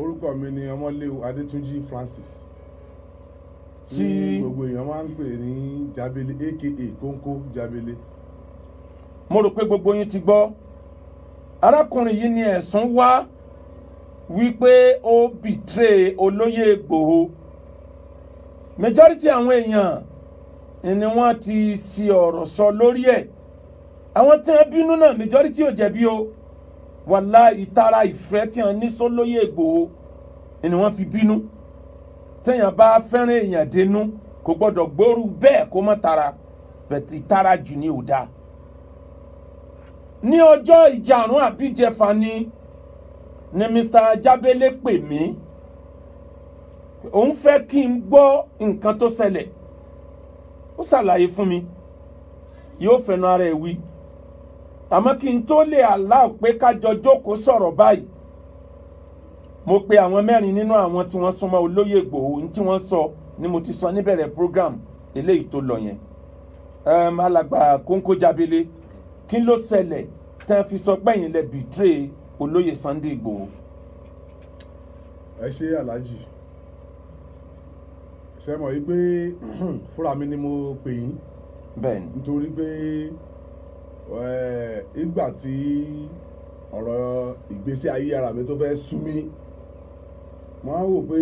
orúkọ mi ni ọmọléwu adétúnjì francis tí gbogbo èèyàn máa ń pè ní jábélé aka kónkó jábélé. mo rò pé gbogbo yín ti gbọ́ arákùnrin yìí ni ẹ̀sùn wá wípé ó bìtírè olóyè Ìgbòho majority àwọn èèyàn ni wọ́n ti si ọ̀rọ̀ sọ lórí ẹ̀ àwọn tẹ́ bínú náà majority ò jẹ̀bi o wàlá ìtara ìfẹ́ tí wọ́n ní sólóyè Ìgbòho ni wọ́n fi bínú téèyàn bá fẹ́ràn èèyàn dénú kò gbọ́dọ̀ gbóòrú bẹ́ẹ̀ kó má tara bẹ̀tì tara jù ní ò dáa. ní ọjọ́ ìjàrún àbíjẹfà ni ni Mr. Jábélé pè mí òun fẹ́ kí n gbọ́ nǹkan tó ṣẹlẹ̀ ó ṣàlàyé fún mi yóò fẹnu ara ẹ̀ wí àmọ́ kí n tó lè aláwọ̀ pé kájọ jókòó sọ̀rọ̀ báyìí mo pe àwọn mẹ́rin nínú àwọn tí wọ́n súnmọ́ olóyè Ìgbòho ní tí wọ́n sọ ni mo ti sọ níbẹ̀rẹ̀ program eléyìí tó lọ yẹn um, alàgbà kóńkó jábélé kí ló ṣẹlẹ̀ tẹ́ fi sọ pẹ́yìn lẹ bìtírè olóyè Sunday Ìgbòho. ẹ ṣe aláàjì ṣe mọ̀ yí pé fúnra mi ni mo pè yín bẹ́ẹ̀ ni nítorí pé. Be Eh, ìgbà tí ọ̀rọ̀ ìgbésí ayé ara mi tó fẹ́ sú mi mo á wò pé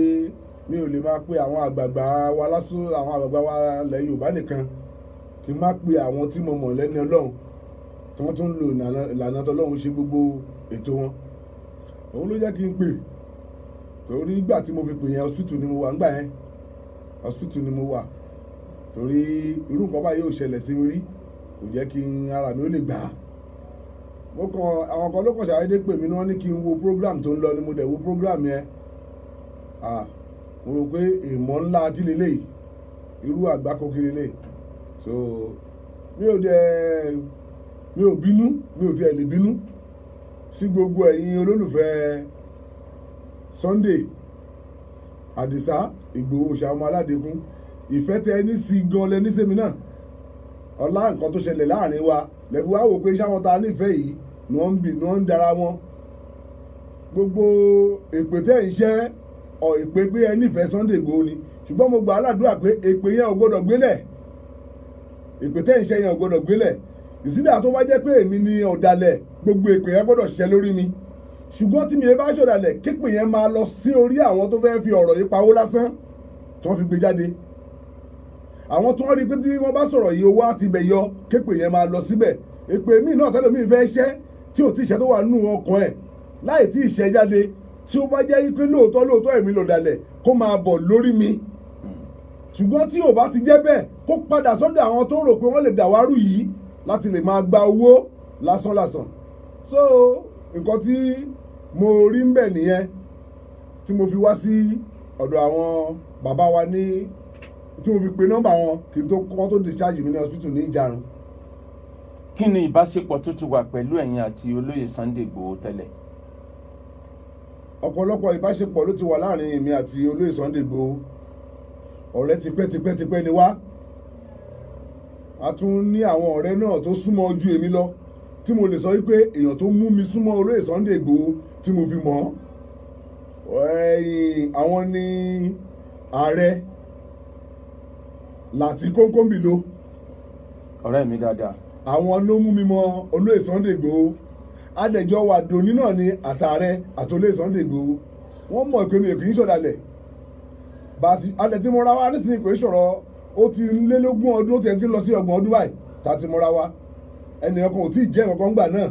mi ò lè máa pe àwọn àgbààgbà wa lásán àwọn àgbààgbà wa lẹ Yorùbá nìkan kí n má pe àwọn tí mo mọ̀ lẹ́ni Ọlọ́run tí wọ́n tún ń lo ìlànà tọ́lọ́run ṣe gbogbo ètò wọn òun ló jẹ́ kí n pè torí ìgbà tí mo fi pè yẹn hospital ni mo wà ńgbà yẹn hospital ni mo wà torí irú nǹkan báyìí ò ṣẹlẹ̀ sí mi rí kò jẹ́ kí n ara mi ó lè gbà á mo kàn àwọn kan ló kàn ṣàdédé pè mí náà ní kí n wo program tó ń lọ ni mo dẹ̀ wo program yẹn ah mo rò pé èèmọ̀ ńlá kí leléyìí irú àgbákò kí leléyìí so mi ò dẹ̀ mi ò bínú mi ò tiẹ̀ lè bínú sí gbogbo ẹ̀yin olólùfẹ́ Sunday Àdìsá Ìgbòho ṣàwọn aládekún ìfẹ́ tẹ ẹ ní sí gan lẹ ní sẹ́mi náà ọlá nǹkan tó ṣẹlẹ̀ láàrin wa lẹ́bi wá wò pé iṣẹ́ àwọn ta nífẹ̀ẹ́ yìí ni wọ́n ń bì ni wọ́n ń dara wọn gbogbo èpè tẹ́ ń ṣẹ́ ọ̀ èpè pé ẹ nífẹ̀ẹ́ Sunday Igboho ni ṣùgbọ́n mo gbà á ládùúrà pé èpè yẹn ò gbọ́dọ̀ gbélẹ̀ èpè tẹ́ ń ṣẹ́ yẹn ò gbọ́dọ̀ gbélẹ̀ ìsídà tó bá jẹ́ pé èmi ni ọ̀dàlẹ̀ gbogbo èpè yẹn gbọ́dọ̀ ṣẹ́ lórí mi ṣùgbọ́n tí mi bá ṣọ̀dàlẹ̀ képè yẹn máa lọ sí orí àwọn tó fẹ́ fi ọ̀rọ̀ yìí pawó lásán tí wọ́n fi gbé jáde àwọn tí wọ́n rí pé tí wọ́n bá sọ̀rọ̀ yìí owó àti ibẹ̀ yọ képe yẹn máa lọ síbẹ̀ èpè míì náà tẹ́lẹ̀ míì fẹ́ ṣẹ́ tí ò tí ìṣẹ́ tó wà nínú ọkàn ẹ̀ láì tí ìṣẹ́ jáde tí ó bá jẹ́ pé lóòótọ́ lóòótọ́ ẹ̀mí lọ̀dàlẹ̀ kó máa bọ̀ lórí mi ṣùgbọ́n tí ò bá ti jẹ́ bẹ́ẹ̀ kó padà sọ́dọ̀ àwọn tó rò pé wọ́n lè dàwárù yìí láti lè máa gba owó lásán lásán so nǹkan tí mo rí ń bẹ̀ nìyẹn tí mo fi wá sí ọ̀dọ̀ àwọn bàbá wa ní tí mo fi pe nọ́mbà wọn kí n tó kọ́ tó discharge mi ní hospital ní ìjarun. kí ni ìbáṣepọ̀ tó ti wà pẹ̀lú ẹ̀yin àti olóyè Sunday Igboho tẹ́lẹ̀. ọ̀pọ̀lọpọ̀ ìbáṣepọ̀ ló ti wà láàrin èmi àti olóyè Sunday Igboho ọ̀rẹ́ tipẹ́tipẹ́tipẹ́ ni wá a tún ní àwọn ọ̀rẹ́ náà tó súnmọ́ ojú èmi lọ tí mo lè sọ wípé èèyàn tó mú mi súnmọ́ olóyè Sunday Igboho tí mo fi mọ̀ ọ́ àwọn ni ààrẹ láti kónkónbìló. ọ̀rẹ́ mi dáadáa. àwọn ló mú mi mọ olóyè Sunday Igboho adẹjọ́ wa dòní náà ni àtàrẹ àti olóyè Sunday Igboho wọ́n mọ̀ pé mi kì í ṣọ̀dàlẹ̀ bàtí adẹ̀tí mọ́ra wa nísìnyí kò í ṣọ̀rọ̀ ó ti lé lógún ọdún ó ti ẹ̀ ti lọ sí ọgbọ̀n ọdún báyìí tá a ti mọ́ra wa ẹnìyàn kan ò tí ì jẹ́ nǹkan gbà náà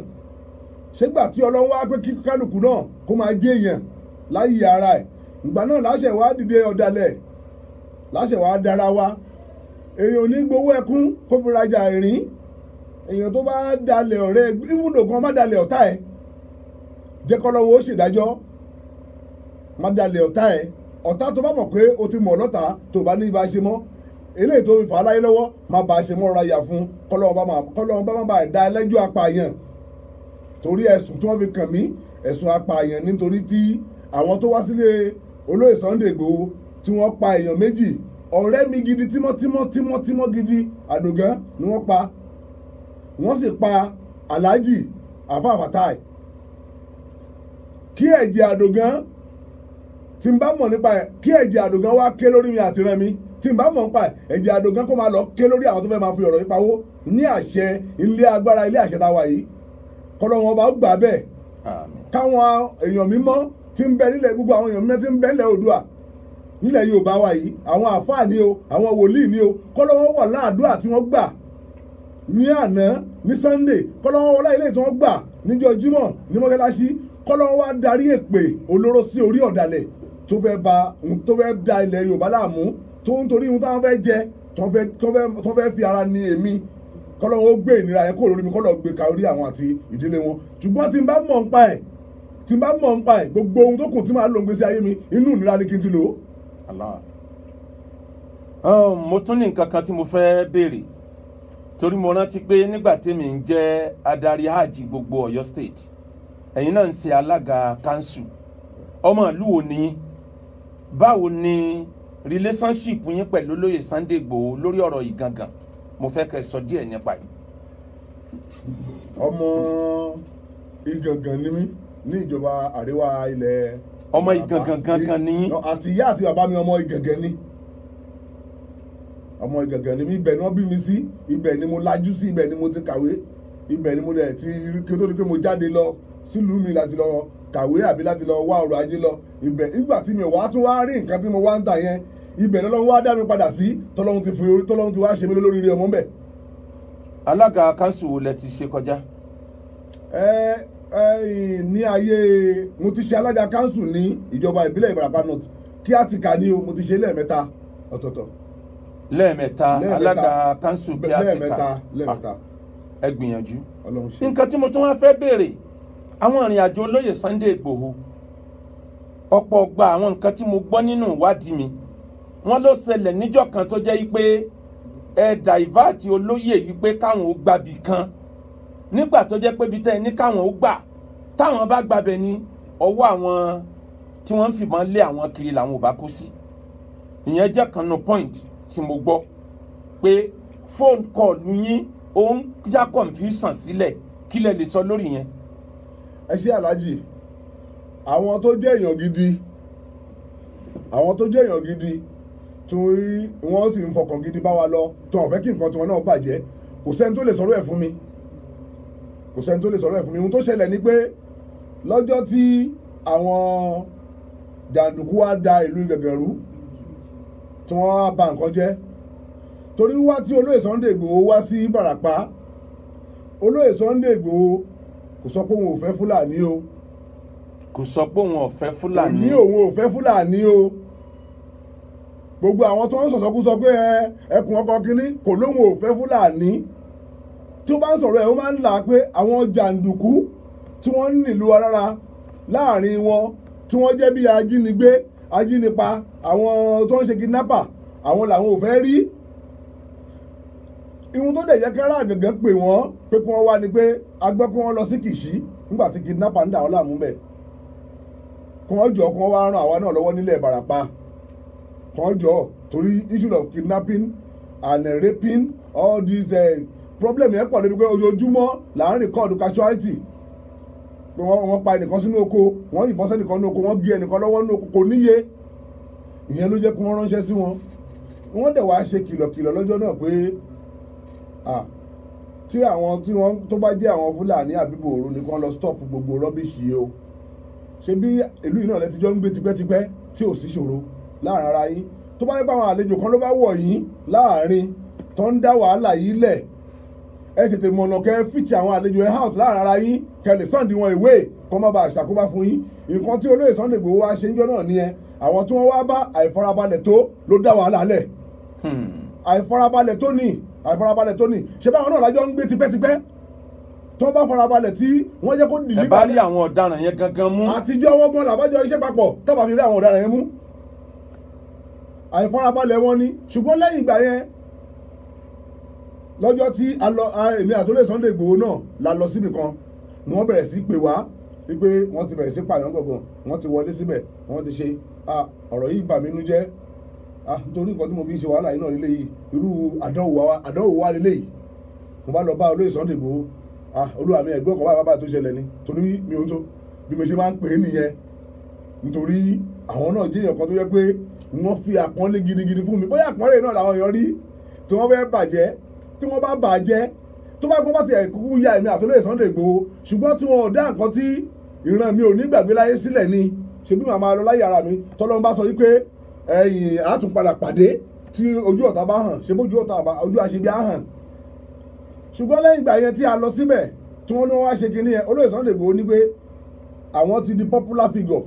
ṣégbà tí ọlọ́run wá pé kí kálukú náà kó máa jẹ́ èèyàn láyé ara ẹ̀ ìgbà náà láṣẹ wá dìde ọ̀dàlẹ̀ láṣẹ wá dára wa èèyàn ní gbowó ẹkún kó fi rajà ìrìn èèyàn tó bá dalẹ̀ ọ̀rẹ́ ìwúndò kan má dalẹ̀ ọ̀tá ẹ̀ jẹ́ kọ́lọ́wọ́ ó ṣèdájọ́ má dalẹ̀ ọ̀tá ẹ̀ ọ̀tá tó bá mọ̀ pé o ti mọ̀ lọ́ta tó bá ní ibà ṣe mọ́ eléyìí tó fi fà á láyé lọ́wọ́ má bàa ṣe mọ́ra yà fún kọ́lọ́wọ́ bá má bàa da ẹlẹ́jọ́ apààyàn torí ẹ̀sùn tí wọ́n fi kàn mí ẹ̀sùn apààyàn nítorí tí àwọn tó wá sílé olóyè Sunday Igboho tí wọ́n pa èèyàn méjì ọ̀rẹ́ mi gidi tímọ́tímọ́ tímọ́tímọ́ gidi àdògán ni wọ́n pa wọ́n sì pa alhaji afa fatai kí ẹ̀jẹ̀ àdògán tí n bá mọ̀ nípa ẹ̀ kí ẹ̀jẹ̀ àdògán wá ké lórí mi àti rẹmi tí n bá mọ̀ nípa ẹ̀ ẹ̀jẹ̀ àdògán kó máa lọ ké lórí àwọn tó fẹ́ máa fi ọ̀rọ̀ yípa wó ní àṣẹ ilé agbára ilé àṣẹ táwa yìí kọ́lọ́ wọn bá gbà bẹ́ẹ̀ káwọn èèyàn mímọ́ tí ń bẹ nílẹ̀ gbogbo àwọn èèyàn mímọ́ tí ń bẹ nílẹ̀ Oòduà nílẹ̀ Yorùbá wa yìí àwọn àfáà ni o àwọn wòlíì ni o kọ́lọ́wọ́ wà láàdúrà tí wọ́n gbà ní àná ní Sunday kọ́lọ́wọ́ wọlé ilé tí wọ́n gbà níjọ́ Jímọ̀ ní mọ́kẹ́láṣí kọ́lọ́wọ́ wá darí èpè olóró sí orí ọ̀dàlẹ̀ tó fẹ́ ba tó fẹ́ da ilẹ̀ Yorùbá láàmú tó ń torí ohun táwọn fẹ́ jẹ tó fẹ́ fi ara ní èmi kọ́lọ́wọ́ gbé ìnira yẹn kúrò lórí mi kọ́lọ́ gbé kárí àwọn àti ìdílé wọn ṣùgbọ́n tí n bá mọ̀ ń pa ẹ̀ tí n bá mọ̀ ń pa ẹ̀ gbogbo ohun tó kù tí màá lò ń gbé sí ayé mi inú ìnira ni kí n ti lò ó Allah. mo tún ní nǹkan kan tí mo fẹ́ béèrè torí mo rántí pé nígbà tèmi ń jẹ́ adarí hajj gbogbo Ọ̀yọ́ state ẹ̀yin náà ń ṣe alága kanṣu ọmọ ìlú wo ni báwo ni relationship yín pẹ̀lú olóyè Sunday Igboho lórí ọ̀rọ̀ yìí gangan mo fẹ́ kẹ́ sọ díẹ̀ nípa yìí. ọmọ igangan ni mí ní ìjọba àríwá ilẹ̀ ọmọ ìgangan gangan ni. àti ìyá àti bàbá mi ọmọ ìgangan ni ọmọ ìgangan ni mi ibẹ̀ ni wọ́n bí mi sí ibẹ̀ ni mo lajú sí ibẹ̀ ni mo ti kàwé ibẹ̀ ni mo dẹ̀ ti kí o tó di pé mo jáde lọ sílùú mi láti lọ kàwé àbí láti lọ wá ọrọ̀ ajé lọ ibẹ̀ nígbà tí mi wàá tún wá rí nǹkan tí mo wá ń tà yẹn ibẹ̀ lọ́lọ́run wá dá mi padà sí tọ́lọ́run ti fi orí tọ́lọ́run ti wá ṣe mí lórí rí ọmọ ń alága kanṣu wo lẹ ti ṣe kọjá. ẹ ní ayé mo ti ṣe alága kanṣu ní ìjọba ìbílẹ̀ ìbarapá north kí á ti kà ní o mo ti ṣe lẹ́ẹ̀mẹ́ta ọ̀tọ̀ọ̀tọ̀. lẹ́ẹ̀mẹ́ta alága kanṣu kí á ti kà lẹ́ẹ̀mẹ́ta ah, ẹ gbìyànjú. nǹkan tí mo tún wá fẹ́ béèrè àwọn ìrìn àjò olóyè Sunday Igboho ọ̀pọ̀ gba àwọn nǹkan tí mo gbọ́ nínú ìwádìí mi wọ́n ló ṣẹlẹ̀ níjọ́ kan tó jẹ́ wípé ẹ̀ dàìváàtì olóyè wípé káwọn ó gbàbì kan nígbà tó jẹ́ pé ibi tẹ́ ẹ ní káwọn ó gbà táwọn bá gbàbẹ̀ ní ọwọ́ àwọn tí wọ́n ń fìbọn lé àwọn kiri làwọn ò bá kó sí ìyẹn jẹ́ kan nù point tí mo gbọ́ pé phone call yín ó ń já confusion sílẹ̀ kí lẹ lè sọ lórí yẹn. ẹ ṣe aláàjì àwọn tó jẹ́ èèyàn gidi àwọn tó jẹ́ èèyàn gidi tí wọ́n sì ń fọkàn gidi bá wa lọ tí wọ́n fẹ́ kí nǹkan tiwọn náà bàjẹ́ kò sẹ́ni tó lè sọ̀rọ̀ ẹ̀ fún mi kò sẹ́ni tó lè sọ̀rọ̀ ẹ̀ fún mi ohun tó ṣẹlẹ̀ ni pé lọ́jọ́ tí àwọn jàǹdùkú wa da ìlú Ìgẹ̀gẹ̀rú tí wọ́n bà nǹkan jẹ́ torí wá tí olóyè Sunday Ìgbòho wá sí Ìbàràpá olóyè Sunday Ìgbòho kò sọ pé òun ò fẹ́ Fúlàní o kò sọ pé òun ò fẹ́ Fúlàní o òun ò fẹ́ Fúlàní o gbogbo àwọn tó ń sọ̀sọ́kú sọ pé ẹkùn ọkọ̀ kínní kò lóun ò fẹ́ Fúlàní tí ó bá ń sọ̀rọ̀ ẹ̀ ó máa ń là á pé àwọn jàǹdùkú tí wọ́n ń nílùú alára láàrin wọn tí wọ́n jẹ́ bí ajínigbé ajínipa àwọn tó ń ṣe kidnapper àwọn làwọn ò fẹ́ rí irun tó dẹ̀ yẹ kí aráàlú gẹ̀gẹ́ pè wọ́n pé kí wọ́n wá ni pé agbọ́ kí wọ́n lọ sí Kìṣí nígbà tí kidnapper ń dà wọ́n láàmú bẹ̀ kí wọ́n jọ kí wọ́n wá ran àwa náà lọ́wọ́ nílẹ̀ Ìbàràpá kí wọ́n jọ torí issue of kidnapping and raping all these uh, problem yẹn pọ̀ débi pé ojoojúmọ́ là ń rìkọ́ọ̀dù casualty wọ́n pa ẹnìkan sínú oko wọ́n yìnbọn sẹ́nìkan nínú oko wọ́n bí ẹnìkan lọ́wọ́ nínú oko kò níye ìyẹn ló jẹ́ kí wọ́n ránṣẹ́ sí wọn wọ́n dẹ̀ wáá ṣe kìlọ̀kìlọ̀ lọ́jọ́ náà pé kí àwọn tí wọ́n tó bá jẹ́ àwọn fúlàní àbíbò òru ni kán lọ stop gbogbo rọ́bìṣì yìí o ṣé bí ìlú yìí náà lẹ́tijọ́ ń gbé tipẹ́tipẹ́ tí ò sí ṣòro láàrin ara yín tó bá yẹ pé àwọn àlejò kan ló bá wọ̀ yín láàrin tó ń dá wàhálà yìí lẹ̀ ẹ tètè mọ̀nà kẹ́ ẹ fìtì àwọn àlejò ẹ house láàrin ara yín kẹ́ ẹ lè sàn díwọn ìwé kọ́ má bàa ṣàkóbá fún yín nǹkan tí olóyè Sunday Igboho wá ṣe ń jọ náà nìyẹn àwọn tí wọ́n wá bá àìfarabalẹ̀ tó ló dá wàhálà lẹ̀ hmm. àìfarabalẹ̀ tó ní àìfarabalẹ̀ tó ní ṣé báwọn náà lájọ ń gbé tipẹ́tipẹ́ tí wọ́n bá farabalẹ̀ tí wọ́n jẹ́ kó dìlí. ẹ bá rí àwọn ọ̀daràn yẹn gangan mú. àtijọ́ wọn bọ́ làbájọ iṣẹ́ papọ̀ tábà fi rí àwọn ọ̀daràn yẹn mú. àìfarabalẹ̀ wọn ni ṣùgbọ́n lẹ́yìn ìgbà yẹn lọ́jọ́ tí èmi àtúndé Sunday Igboho náà la lọ síbì kan ni wọ́n bẹ̀rẹ̀ sí pè wá wípé wọ́n ti bẹ̀rẹ̀ sí pààyàn gbọ̀ngàn wọ́n ti wọlé síbẹ̀ wọ́n ti ṣe ọ̀rọ̀ yìí bà mí nú jẹ́ nítorí nǹkan tí mo fi ṣe wàhálà yìí náà lílé yìí irú àdánwò wa lílé yìí mo bá lọ bá olóyè Sunday Igboho olúwa mi ẹ̀gbọ́n kan bá bàbá tó ṣẹlẹ̀ ni torí mi ò tó bí mo ṣe máa ń pè é nìyẹn nítorí àwọn náà jẹ́ èèyàn kan tó yẹ pé wọ́n fi àpọ́nlé gidigidi fún mi bóyá àpọ́nlé náà làwọn èèyàn rí tí wọ́n fẹ́ bàjẹ́ tí wọ́n bá bà tó bá gbọ́n bá ti kúkú ya èmi àtúnlẹ̀ Sunday Igboho ṣùgbọ́n tí wọ́n dá nǹkan tí ìran mi ò ní gbàgbé láyé sílẹ̀ ni ṣebí màá lọ láyé ara mi tọ́lọ́run bá sọ wípé ẹ̀yìn àtúnpadà pàdé tí ojú ọ̀tá bá hàn ṣebí ojú ọ̀tá ojú àṣebí á hàn ṣùgbọ́n lẹ́yìn ìgbà yẹn tí a lọ síbẹ̀ tí wọ́n ní wọ́n wá ṣe kinní yẹn olóyè Sunday Igboho ní pé àwọn ti di popular figure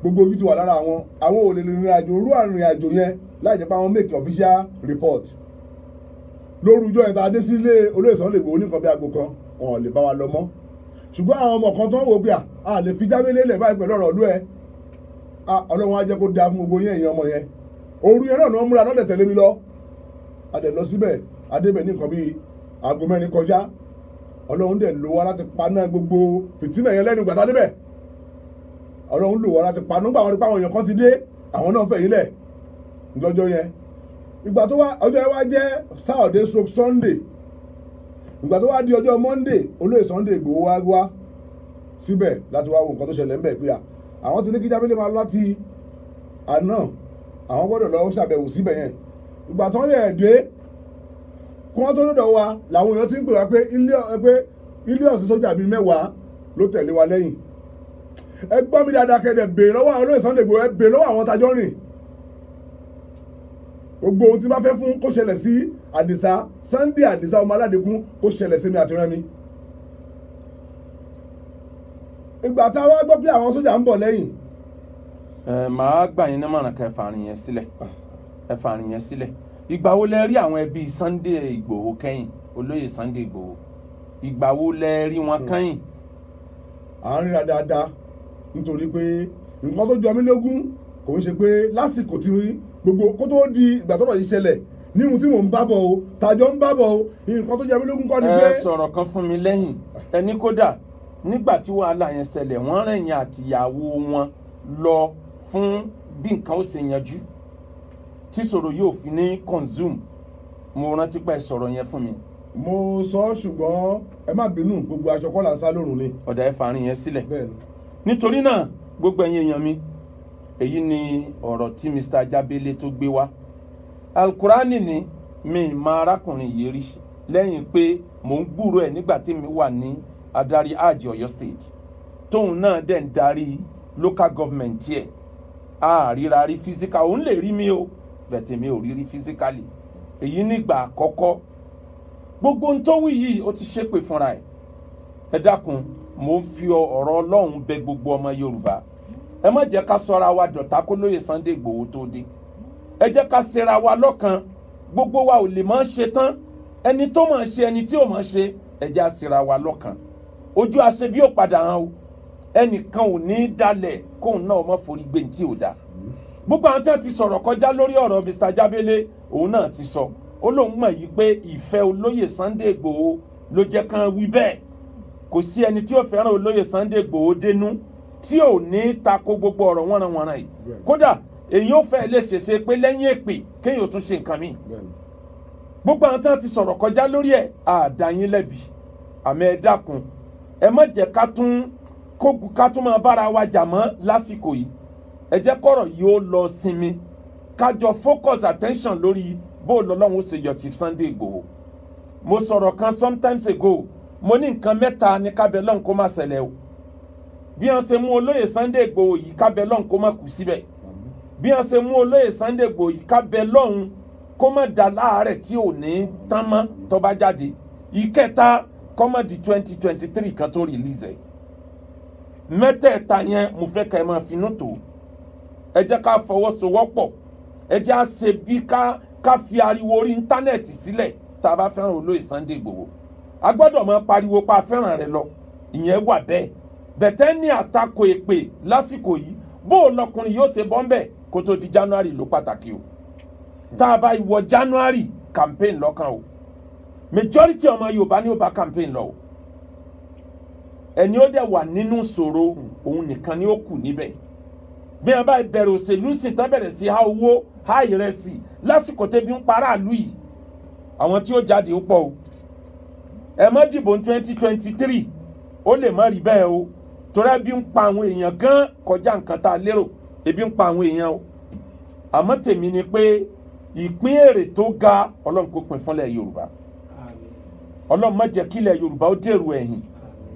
gbogbo ojú ti wà lára àwọn àwọn ò lórúkọ ìta adé sílé olóyè Sunday Igboho oníkan bí aago kan wọn ò lè bá wa lọ mọ́ ṣùgbọ́n àwọn ọmọ kan tó ń wò pé à lè fi jábélé lẹ̀ báyìí pẹ̀lú ọ̀rọ̀ ọdún ẹ ọlọ́run á jẹ́ kó dáa fún gbogbo yẹn èèyàn ọmọ yẹn òru yẹn náà ni wọ́n múra lọ́dẹ̀ tẹ̀lé mi lọ adẹ̀ lọ síbẹ̀ adébẹ̀ ní nǹkan bíi aago mẹ́rin kọjá ọlọ́run dẹ̀ lò wá láti paná gbogbo fìtínà yẹn lẹ́nu gbàtà débẹ̀ ọlọ́run lò wá láti paná gbà wọn ni pàwọn èèyàn kan ti dé àwọn náà fẹ̀yìn lẹ̀ lọ́jọ́ yẹn ìgbà tó wá ọjọ́ ẹ wá jẹ́ Saturday stroke Sunday ìgbà tó wá di ọjọ́ Monday olóyè Sunday Ìgbòho wá wá síbẹ̀ láti wá wo nǹkan tó ṣẹlẹ̀ ńbẹ̀ pé à àwọn ti ní kí Jábélé máa láti àná àwọn gbọ́dọ̀ lọ ṣàbẹ̀wò síbẹ̀ yẹn ìgbà tó ń yẹ̀ dé kí wọ́n tó lọ́dọ̀ wa làwọn èèyàn ti ń pè wá pé ilé ọ̀sìn sójà bíi mẹ́wàá ló tẹ̀lé wa lẹ́yìn ẹ gbọ́ mi dáadáa kẹ́dẹ̀ bèèrè lọ́wọ́ àwọn olóyè Sunday Ìgbòho ẹ bèèrè lọ́wọ́ àwọn tajọ́ gbogbo ohun tí bá fẹ́ fún kó ṣẹlẹ̀ sí àdìsá Sunday àdìsá ọmọ aládìkún kó ṣẹlẹ̀ sí mi àti rẹ́mi. ìgbà tá a wá gbọ́ pé àwọn sójà ń bọ̀ lẹ́yìn. ẹ màá gbà yín ní mọ̀ràn kẹ́ fàárín yẹn sílẹ̀ ah. ẹ fàárín yẹn sílẹ̀ ìgbà wo lẹ rí àwọn ẹbí Sunday Ìgbòho kẹ́yìn olóyè Sunday Ìgbòho ìgbà wo lẹ rí wọn hmm. kẹ́yìn. à ń ríra dáadáa nítorí pé nǹkan tó jọ mí lógún kò ń ṣe pé lásìkò tí gbogbo kó tó di ìgbà tọ́rọ̀ yìí ṣẹlẹ̀ ní ohun tí mò ń bábọ̀ o tàjọ ń bábọ̀ o nǹkan tó jẹ mí lógún ni pé. ẹ sọ̀rọ̀ kan fún mi lẹ́yìn ẹni kódà nígbà tí wàhálà yẹn ṣẹlẹ̀ wọ́n rẹ̀yìn àtìyàwó wọn lọ fún bí nǹkan ó ṣe yanjú tí sọ̀rọ̀ yóò fi ní consume mo rántí pé sọ̀rọ̀ yẹn fún mi. mo sọ ṣùgbọ́n ẹ má bínú gbogbo aṣọ kọ́là ń sá lórùn ni. ọ̀dà ẹ fàárín yẹn sílẹ̀ nítorí náà gbogbo ẹ̀yin èèyàn mi èyí ni ọ̀rọ̀ tí Mr. Jábélé tó gbé wá alukurani ni mi ma arákùnrin yìí rí lẹ́yìn pé mò ń gbúrò ẹ̀ nígbà tí mi wà ní adarí hajj Ọ̀yọ́ state tóun náà dẹ̀ ń darí local government yẹ àríra rí physical òun lè rí mi o bẹ̀tẹ̀ mi ò rí rí physically èyí nígbà àkọ́kọ́ gbogbo ohun tó wí yìí ó ti ṣépè fúnra ẹ̀ ẹ dákun mò ń fi ọ̀rọ̀ Ọlọ́run bẹ gbogbo ọmọ Yorùbá ẹ má jẹ́ ká sọra wa dọ̀tá kó lóye Sunday Ìgbòho tó dé ẹ jẹ́ ká ṣera wa lọ́kan gbogbo wa ò lè máa ṣe tán ẹni tó máa ṣe ẹni tí ò máa ṣe ẹ jẹ́ àṣera wa lọ́kan ojú aṣebí ò padà hàn o ẹnìkan ò ní í dalẹ̀ kóun náà má forí gbé ní tí ò dáa gbogbo àwọn tí wọ́n ti sọ̀rọ̀ kọjá lórí ọ̀rọ̀ Mr. Jábélé òun náà ti sọ ó lóun mọ̀ yìí pé ìfẹ́ olóyè Sunday Ìgbòho ló jẹ́ kán wí bẹ́ẹ̀ kò sí ẹni tí ó fẹ́ràn olóyè Sunday Ìgbòho dénú tí ò ní tako gbogbo ọ̀rọ̀ wọ́nranwọ̀nran yìí kódà èyí ò fẹ́ lè ṣèṣe pé lẹ́yìn èpè kéèyàn ò tún ṣe nǹkan mi gbogbo àwọn tán ti sọ̀rọ̀ kọjá lórí ẹ̀ àdáyín lẹ́bi àmọ́ ẹ dákun ẹ má jẹ́ ká tún kógun ká tún máa bára wa jà mọ́ lásìkò yìí ẹ jẹ́ kọ́rọ̀ yìí ó lọ sinmi kájọ focus attention lórí bó lọ́lọ́run ó ṣe yọ Chief Sunday Igboho mo sọ̀rọ̀ kan sometimes ago mo ní nǹkan mẹ́ta ní kábẹ́ lọ́hùn kó má ṣẹlẹ̀ o bí wọ́n ṣe mú olóyè Sunday Igboho yìí kábẹ́ lọ́hùn kó má kú síbẹ̀ bí wọ́n ṣe mú olóyè Sunday Igboho yìí kábẹ́ lọ́hùn kó má da láàárẹ̀ tí ò ní tán mọ́ tó jáde ìkẹta kọ́mọ̀dì twenty twenty three kan tó rìlíìsẹ̀ mẹ́tẹ̀ẹ̀ta yẹn mo fẹ́ ka ẹ máa finú tó ẹ jẹ́ ká fọwọ́sowọ́pọ̀ ẹ jẹ́ á ṣe bí ká ká fi ariwo orí íńtánẹ́ẹ̀tì sílẹ̀ tá a bá fẹ́ràn olóyè Sunday Igboho a gbọ́dọ̀ máa pariwo pa fẹ́ràn rẹ lọ ìyẹn wà bẹ́ẹ̀ bẹ̀tẹ́ni àtakò èpè lásìkò yìí bó o lọkùnrin yóò ṣe bọ́ńbẹ́ kó tó di january ló pàtàkì o tá a bá wọ january campaign lọ́kàn o majority ọmọ yorùbá ni ó bá campaign lọ o ẹni ó dẹ̀ wà nínú ìṣòro òun nìkan ni ó kù níbẹ̀ bí wọn bá bẹ̀rẹ̀ òṣèlú sì tán bẹ̀rẹ̀ sí há owó há ìrẹsì lásìkò tẹ́bi ń para àlú yìí àwọn tí ó jáde ó pọ̀ o ẹ má dìbò twenty twenty three ó lè má rí bẹ́ẹ̀ o torí ebi ń pa àwọn èèyàn gan kọjá nǹkan tá a lérò ebi ń pa àwọn èèyàn o àmọ́ tèmi ni pé ìpín èrè tó ga ọlọ́run kò yoruba fúnlẹ̀ yorùbá ọlọ́run má ehin yorùbá ó dèrò ẹ̀yìn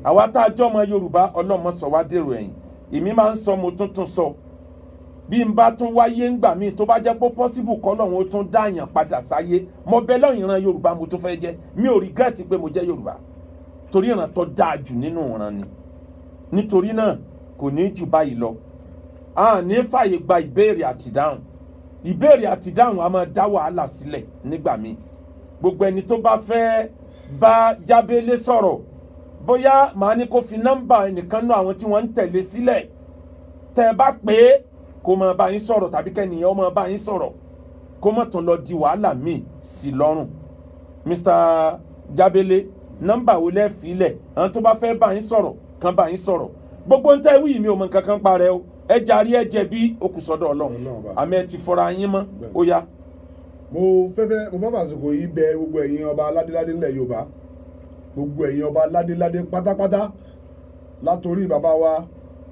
àwa tá a jọ ọmọ yorùbá sọ wá dèrò èmi máa ń sọ mo tuntun sọ bí n bá tún wáyé ńgbà míì tó bá jẹ́ pé pọ́síbù kọ́lọ́run ó tún dáàyàn padà sáyé mo bẹ lọ́yìn yoruba yorùbá mo tún mi ò rí pé mo yorùbá torí ìran tó dáa jù nítorí náà kò ní jù báyìí lọ a ní fàyè gba ìbéèrè àtìdáhùn ìbéèrè àtìdáhùn a máa dá wàhálà sílẹ̀ nígbà míì gbogbo ẹni tó bá fẹ́ bá jábélé sọ̀rọ̀ bóyá màá ní kó fi nọ́mbà ẹnìkan náà àwọn tí wọ́n ń tẹ̀lé sílẹ̀ tẹ́ ẹ bá pé kó máa bá yín sọ̀rọ̀ tàbí kẹ́nìyàn máa bá yín sọ̀rọ̀ kó má tún lọ di wàhálà míì sí lọ́rùn Mr. jábélé nọ́mbà wo lẹ́ẹ̀ fi lẹ̀ àwọn tó bá fẹ́ bá yín sọ̀rọ̀ 0244 kan bá yín sọ̀rọ̀ gbogbo ntẹ wí mi ò mọ nǹkan kan pa o ẹ jàre ẹ jẹ̀bi okùsọdọ Ọlọ́run àmì ẹ ti fọra yín mọ́ ó yá. mo fẹ́fẹ́ mo fẹ́ fàṣìkò yìí bẹ gbogbo ẹ̀yin ọba aládéládé nílẹ̀ Yorùbá gbogbo ẹ̀yin ọba aládéládé pátápátá látòrí bàbá wa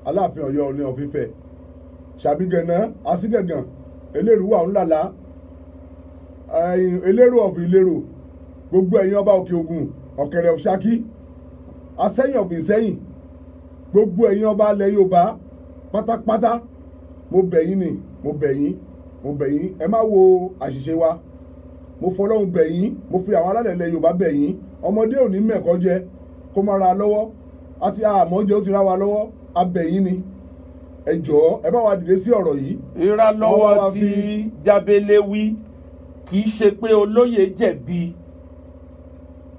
Aláàfin Ọ̀yọ́ ní ọ̀fífẹ́ ṣàbígànná àṣìgàngàn eléruwà ńlàlá elérò ọ̀fìn ìlérò gbogbo ẹ̀yin ọba Òkè Ògùn Ọ̀kẹ̀rẹ̀ Òṣakí Asẹ́yìn ọ̀fìn Ìsẹ́yìn gbogbo ẹ̀yin ọba alẹ̀ Yorùbá pátápátá mo bẹ̀ ni mo bẹ̀ mo bẹ̀ yín ẹ má wo àṣìṣe wa mo fọlọ́run bẹ̀ yín mo fi àwọn alálẹ̀ ilẹ̀ Yorùbá bẹ̀ yín ọmọdé ò ní mẹ̀kọ́ jẹ kó má ra lọ́wọ́ àti àmọ́jẹ ó ti ra wa lọ́wọ́ abẹ̀ ni ẹ jọ̀ọ́ ẹ bá wa dìde sí ọ̀rọ̀ yìí. ríra lọ́wọ́ tí jábélé wí kì í ṣe pé olóyè jẹ̀bi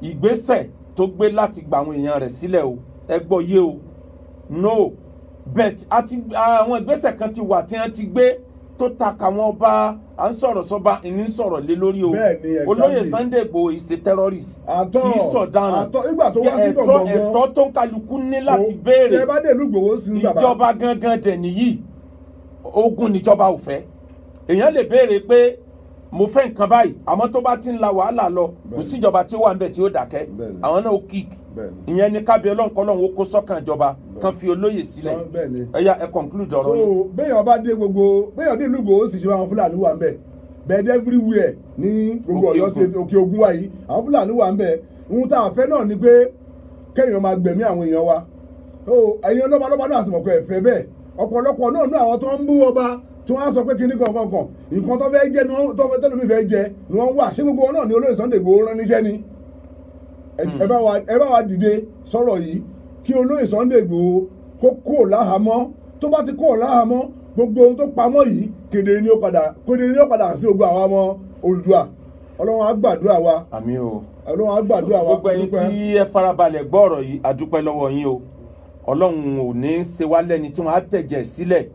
ìgbésẹ̀ tó gbé láti gba àwọn èèyàn rẹ̀ sílẹ̀ o ẹ gbọ́ yé o no bet àti àwọn ìgbésẹ̀ kan ti wà tí wọ́n ti gbé tó takà wọn bá à ń sọ̀rọ̀ sọ́ba ìní ń sọ̀rọ̀ lé lórí o olóyè Sunday Igboho is a terrorist kì í sọ̀daràn ẹ̀tọ́ ẹ̀tọ́ tó ń kálukú ní láti béèrè ìjọba gangan dẹ̀ nìyí ogun níjọba ò fẹ́ èèyàn lè béèrè pé mo fẹ́ nǹkan báyìí àmọ́ tó bá ti ń la wàhálà lọ kò síjọba tí ó wà níbẹ̀ tí ó dákẹ́ àwọn náà ó kíkì ìyẹn ni kábíyẹ ọlọ́run kọ́ lọ́run ó kó sọ́kàn ìjọba kan fi olóyè sílẹ̀ ẹ̀yà ẹ̀ conclude ọ̀rọ̀ yìí. so béèyàn bá dé gbogbo béèyàn dé ìlú Ìgbòho sì ṣe àwọn Fúlàní wà ń bẹ̀ bẹ́ẹ̀ everywhere ní gbogbo Ọ̀yọ́ ṣe òkè Ògùn wa yìí àwọn Fúlàní wà ń ohun tá a fẹ́ náà ni pé kéèyàn máa gbẹ̀mí àwọn èèyàn wa ẹ̀yin ọlọ́ba ọlọ́ba náà sì mọ̀kọ́ ẹ̀fẹ́ bẹ́ẹ̀ ọ̀pọ̀lọpọ̀ náà ní àwọn tó ń bú ọba tí wọ́n á sọ pé kinní kankan kan nǹkan tó fẹ́ jẹ tó fẹ́ tẹ́lẹ̀ mi fẹ́ jẹ ni wọ́n wà ṣé gbogbo wọn náà ni olóyè Sunday Igboho rán níṣẹ́ ni Hmm. ẹ bá wa ẹ bá wa dìde sọ̀rọ̀ yìí kí olóyè Sunday Igboho kó kúrò láhàámọ́ tó bá ti kúrò láhàámọ́ gbogbo ohun tó pamọ́ yìí kedere ni ó padà kedere ni ó padà sí ogun àwa ọmọ Oòduà ọlọ́run á gbàdúrà wa. o ọlọ́run á gbàdúrà wa. gbogbo ẹ̀yin tí ẹ farabalẹ̀ gbọ́ ọ̀rọ̀ yìí a dúpẹ́ lọ́wọ́ yín o ọlọ́run ò ní í ṣe wá lẹ́ni tí wọ́n á tẹ̀jẹ̀ sílẹ̀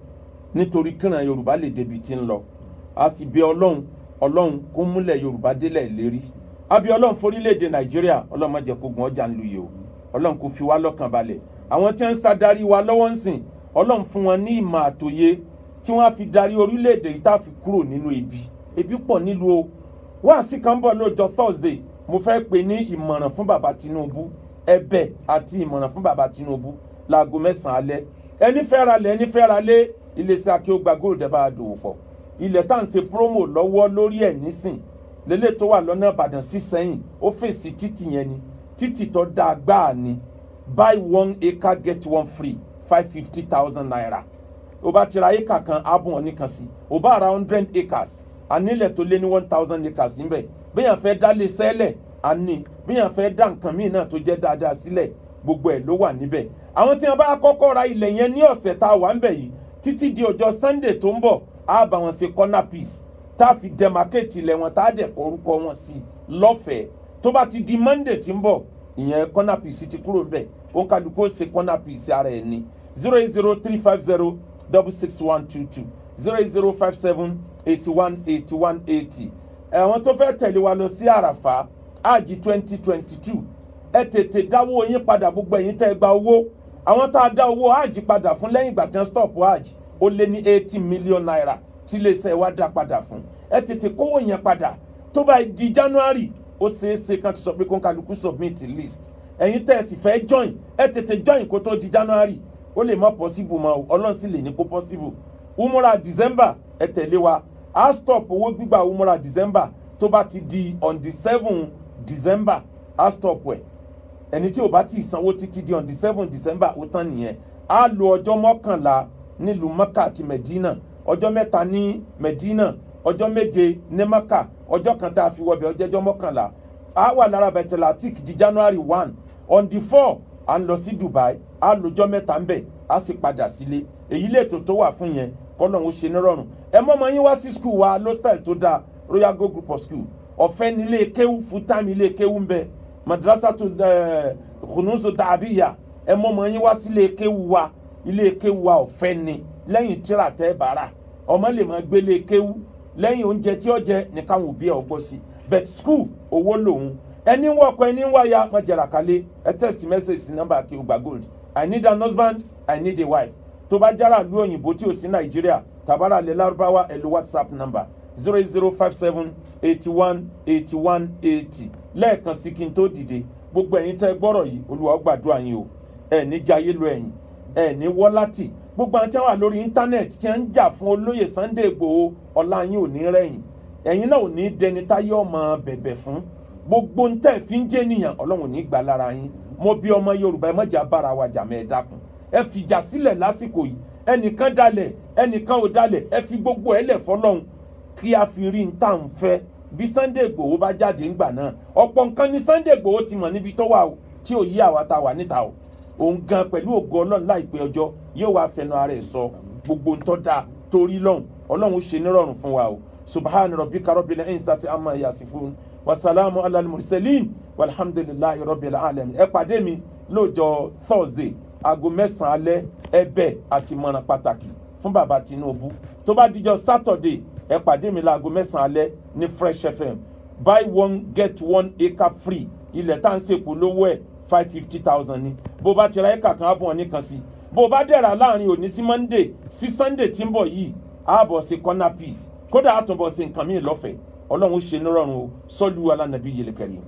nítorí kíran yorùbá lè débi tí ń lọ a sì bẹ̀ ọlọ́run ọlọ́run kó múlẹ̀ yorùbá délẹ̀ lérí àbí ọlọ́run forílẹ̀-èdè nàìjíríà ọlọ́run má jẹ́ kógun ọjà ń lu yìí o ọlọ́run kò fi wá lọ́kàn balẹ̀ àwọn tí ń sadarí wa lọ́wọ́ ń sìn ọlọ́run fún wọn ní ìmọ̀ àtòye tí wọ́n á fi darí orílẹ̀-èdè yìí tá a fi kúrò nínú ebi ebi pọ̀ nílùú o wáàsí kan bọ̀ lọ́jọ́ thursday mo fẹ́ pè ní ìmọ̀ràn fún bàbá tinubu ẹ̀bẹ̀ àti ìmọ̀ràn fún bàbá tinubu láago mẹ́sàn-án alẹ́ ẹni fẹ́ ra lẹ̀ ẹni fẹ́ lélẹ̀ tó wà lọ́nà ìbàdàn sí sẹ́yìn ó fèsì títì yẹn ni títì tó dáa gbáà ni buy one acre get one free five fifty thousand naira ó bá ti ra acre kan ábùn ọ̀ nìkan sí ó bá ra hundred acres anílẹ̀ tó lé ní one thousand acres níbẹ̀ bíyàn fẹ́ dálé sẹ́lẹ̀ àní bíyàn fẹ́ dá nǹkan míì náà tó jẹ́ dáadáa sílẹ̀ gbogbo ẹ̀ ló wà níbẹ̀ àwọn tí wọn bá kọ́kọ́ ra ilẹ̀ yẹn ní ọ̀sẹ̀ tá a wà ń bẹ̀ yìí títí di ọjọ́ sunday tó ń bọ̀ á wọn ṣe corner piece tá a fi dẹmákéètì ilẹ̀ wọn tá a dẹ̀ kórúkọ wọn sí lọ́fẹ̀ẹ́ tó bá ti di monday tí ń bọ̀ ìyẹn corner piece ti kúrò bẹ́ẹ̀ òun kálukú ó ṣe corner piece ara ẹ̀ ni zero eight zero three five zero double six one two two zero eight zero five seven eighty one eighty one eighty ẹ̀wọ̀n tó fẹ́ tẹ̀lé wa lọ sí àràfà àjì twenty twenty two ẹ tètè dáwó yín padà gbogbo ẹ̀yin tẹ́ ẹ gba owó àwọn tá a dá owó àjì padà fún lẹ́yìn ìgbà tí wọ́n stop àjì ó lé ní eighty million naira tí iléeṣẹ́ wa dá padà fún ẹ tètè kówó yẹn padà tó bá di january ó ṣeéṣe kan ti sọ pé kó ń kálukú submit list ẹ̀yin tẹ́ ẹ sì fẹ́ join ẹ tètè join kó tó di january ó lè má possible mọ́ ọlọ́run sì lè ní kó possible umura december ẹ tẹ̀lé wa a stop owó gbígbà umura december tó bá ti di on the seven december a stop ẹ̀ ẹni tí ò bá ti sanwó títí di on the seven december ó tán nìyẹn a lo ọjọ́ mọ́kànlá nílùú mẹ́kà àti medina ọjọ́ mẹ́ta ní Medina ọjọ́ méje ní Maka ọjọ́ kan tá a fi wọbẹ̀ ọjẹ́jọ́ mọ́kànlá a wà lára Baitul di January one on the four à ń lọ sí Dubai a lọ́jọ́ mẹ́ta ń bẹ̀ a sì padà sílé èyí lètò tó wà fún yẹn kọ́lọ́hún ṣe nírọ̀rùn ẹ mọ́mọ́ yín wá sí skul wa lọ́stẹ̀l tó dáa Royal Go Group of School ọ̀fẹ́ nílé kéwú full time ilé kéwú ń bẹ madrasa tó kùnúnso dàbíyà ẹ mọ́mọ́ yín wá sílé kéwú wa ilé kéwú wa ọ̀fẹ́ ni lẹ́yìn tíra tẹ́ bàárà ọmọ lè máa gbélé kéwú lẹ́yìn oúnjẹ tí ó jẹ ní káwọn òbí ẹ̀ ọgbọ́ sí but school owó lòun ẹni ń wọkọ ẹni ń wáyà wọn jẹrà kalẹ̀ ẹ text message sí nọ́mbà Akeugba Gold I need an husband I need a wife tó bá jára lu òyìnbó tí ò sí Nàìjíríà tàbára lè lárúbáwá ẹ lo WhatsApp number zero zero five seven eighty one eighty one eighty lẹ́ẹ̀kan sí kí n tó dìde gbogbo ẹ̀yin tẹ́ gbọ́rọ̀ yìí Olúwa ó gbàdúrà yín o ẹ̀ ní jayé lo ẹ̀yìn ẹ̀ ní wọ́látì gbogbo àwọn tí wọ́n wà lórí íńtánẹ́ẹ̀tì tí wọ́n ń jà fún olóyè Sunday Igboho ọlá yín ò ní rẹ̀yìn ẹ̀yin náà ò ní dẹni táyé ọmọ bẹ̀bẹ̀ fún gbogbo ntẹ́ fi ń jẹ́ nìyàn ọlọ́run ò ní gbà lára yín mo bí ọmọ Yorùbá ẹ má jà bára wa jà mẹ́ ẹ dákun ẹ fìjà sílẹ̀ lásìkò yìí ẹnìkan dalẹ̀ ẹnìkan ò dalẹ̀ ẹ fi gbogbo ẹ lẹ̀ fọlọ́run kí a fi rí ntà ń fẹ́ bí Sunday Igboho bá jáde ńgbà náà ọ̀pọ̀ nǹkan ni Sunday Igboho ti mọ̀ níbi tó wà o tí ò yí àwa ta wà níta o òun gan pẹ̀lú ògo ọlọ́run láìpẹ́ ọjọ́ yóò wá fẹnu ara ẹ̀ sọ gbogbo ntọ́ da torí lọ́hùn ọlọ́run ṣe nírọ̀rùn fún wa o subhan rabbika rabbil insati amma yasifun wasalaamu alal mursalin walhamdulillahi rabbil alamin ẹ pàdé mi lọ́jọ́ thursday aago mẹ́sàn-án alẹ́ ẹ̀bẹ̀ àti mọ̀ràn pàtàkì fún bàbá tinubu tó bá dijọ́ saturday ẹ pàdé mi láago mẹ́sàn-án alẹ́ ní fresh fm buy one get one acre free ilẹ̀ tá à ń ṣèpolówó ẹ̀ five fifty thousand ni bó bá ti ra éka kan ábùn ọ̀nì kan sí bó bá dẹ̀ra láàrin òní sí monday sí sunday tí ń bọ̀ yìí ààbọ̀ sí corner piece kódà àtúnbọ̀ sí nǹkan míì lọ́fẹ̀ẹ́ ọlọ́run ṣe nírọ̀rùn o sọ́lù alánàbí yìlẹ̀kẹ̀rì.